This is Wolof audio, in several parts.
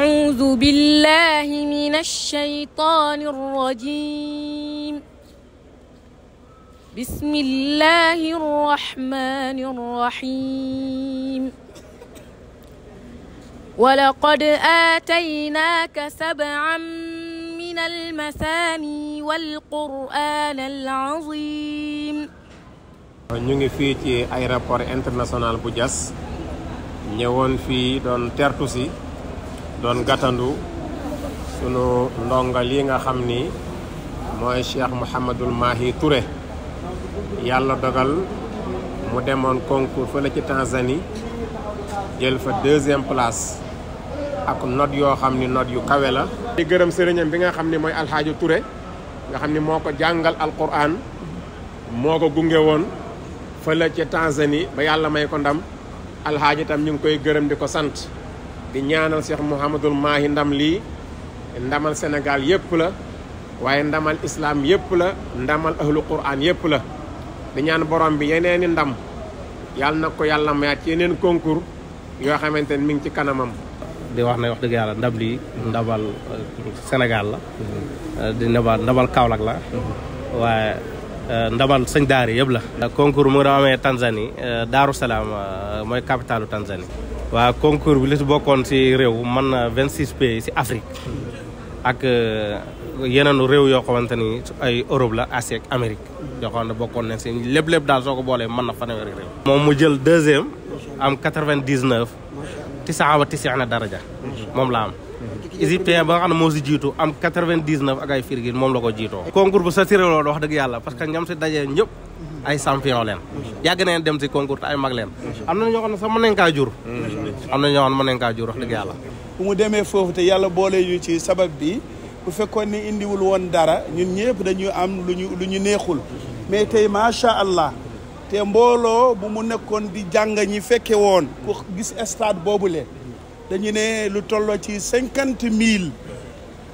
أعوذ بالله من الشيطان الرجيم بسم الله الرحمن الرحيم ولقد آتيناك سبعا من المثاني والقرآن العظيم ñu ngi fii ci بوجاس international في دون ñëwoon doon gàttandu sunu ndongo lii nga xam ni mooy Cheikh Mouhamadul Mahi Touré yàlla dogal mu demoon concours fële ci Tanzanie jël fa deuxième place ak note yoo xam ni note yu kawe la. di gërëm sëriñam bi nga xam ni mooy Alxaaji Touré nga xam ni moo ko jàngal Alquran moo ko gunge woon fële ci Tanzanie ba yàlla may ko ndam alxaaji tam ñu ngi koy gërëm di ko sant. di ñaanal Cheikh Mouhamadul Mahi ndam lii ndamal Sénégal yëpp la waaye ndamal islam yëpp la ndamal ahlu quran yëpp la di ñaan borom bi yeneeni ndam yàlla na ko yàlla mayaat ci yeneen concours yoo xamante ne mi ngi ci kanamam. di wax na wax dëgg yàlla ndab lii ndabal euh, Sénégal la. Euh, di ndabal ndabal la. waaye euh, ndabal sëñ daara yëpp la. concours mu ngi doon amee Tanzanie Daaru Salaam mooy capitalu Tanzanie. waa concours bi li si bokkoon si réew mën na vingt six pays si Afrique ak euh, yeneen réew yoo xamante ni ay Europe la Asie ak Amérique yoo xamante bokkoon nañ si lépp lépp daal soo ko boolee mën na fanweeri réew. moom mu jël deuxième am quatre vingt dix neuf tisaawa tisaana daraja moom la am. égyptien ba xam ne moo si jiitu am quatre vingt dix neuf moom la ko jiitoo. concours bu saturé loolu wax dëgg yàlla parce que ñam si dajee ñëpp. ay champion leen yàgg nañ dem si concours ay mag leen am na ñoo xam ne sax mën jur am na ñoo xam ne mën nañ kaa jur wax dëgg bu mu demee foofu te yàlla boole yu ci sabab bi bu fekkoon ni indiwul woon dara ñun ñëpp dañu am lu ñu lu ñu neexul mais tey macha allah te mbooloo bu mu nekkoon di jàng ñi fekke woon ku gis stade boobule dañu ne lu tolloo ci cinquante mille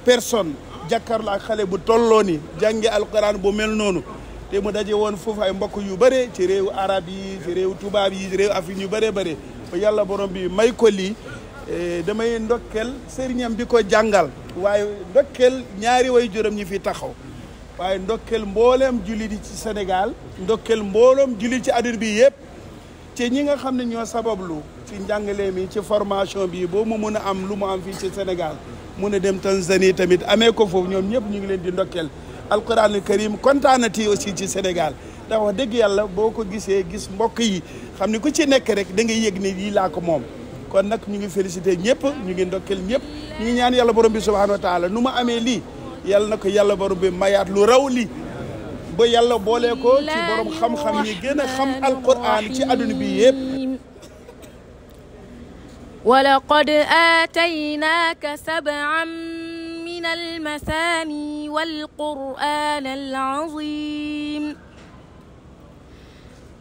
personnes jàkkaarloo ak xale bu tolloo ni jàngi alquran bu mel noonu te mu daje woon foofu ay mbokk yu bëre ci réew arab yi ci réew tubaab yi ci réew afrique yu bëree bëri ba yàlla borom bi may ko lii eh, damay ndokkel seriñam bi ko jàngal waaye ndokkel ñaari way juróom ñi fi taxaw waaye ndokkel mbooleem jullit ci Sénégal ndokkel mbooleem jullit ci àdduna bi yëpp ci ñi nga xam ne ñoo sabablu ci njàngale mi ci formation bi boo mu mun a am lu mu am fii ci Sénégal mun a dem Tanzanie tamit amee ko foofu ñoom ñëpp ñu ngi leen di ndokkel القران الكريم كونتانتي اوسي سي سينيغال دا وخ دغ يالا بوكو غيسه غيس مبوك يي خامني كوتي نيك ريك داغي ييغني لي لا كو موم كون ناك نيغي فيليسيتي نييب نيغي ندوكل نييب ني نيان يالا بروم بي سبحانه وتعالى نوما امي لي يال نكو يالا بروم بي مايات لو راو لي با يالا بوله كو تي بروم خام خام ني غينا خام القران تي ادون بي ييب ولقد اتيناك سبعا من المثاني والقرآن العظيم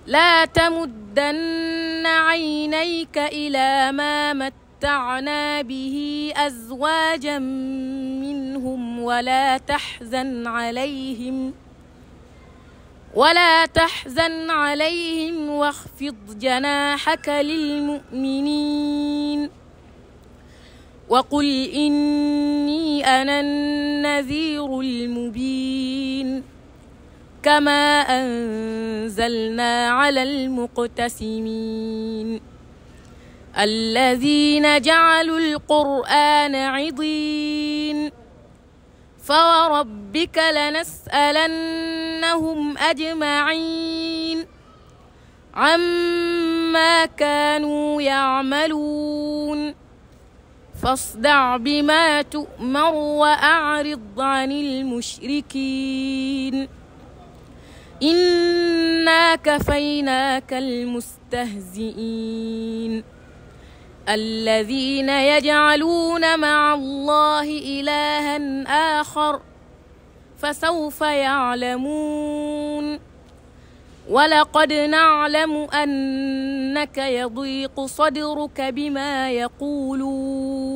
لا تمدن عينيك إلى ما متعنا به أزواجا منهم ولا تحزن عليهم ولا تحزن عليهم واخفض جناحك للمؤمنين وقل إني أنا النذير المبين كما أنزلنا على المقتسمين الذين جعلوا القرآن عضين فوربك لنسألنهم أجمعين عما كانوا يعملون فاصدع بما تؤمر وأعرض عن المشركين إنا كفيناك المستهزئين الذين يجعلون مع الله إلها آخر فسوف يعلمون ولقد نعلم أنك يضيق صدرك بما يقولون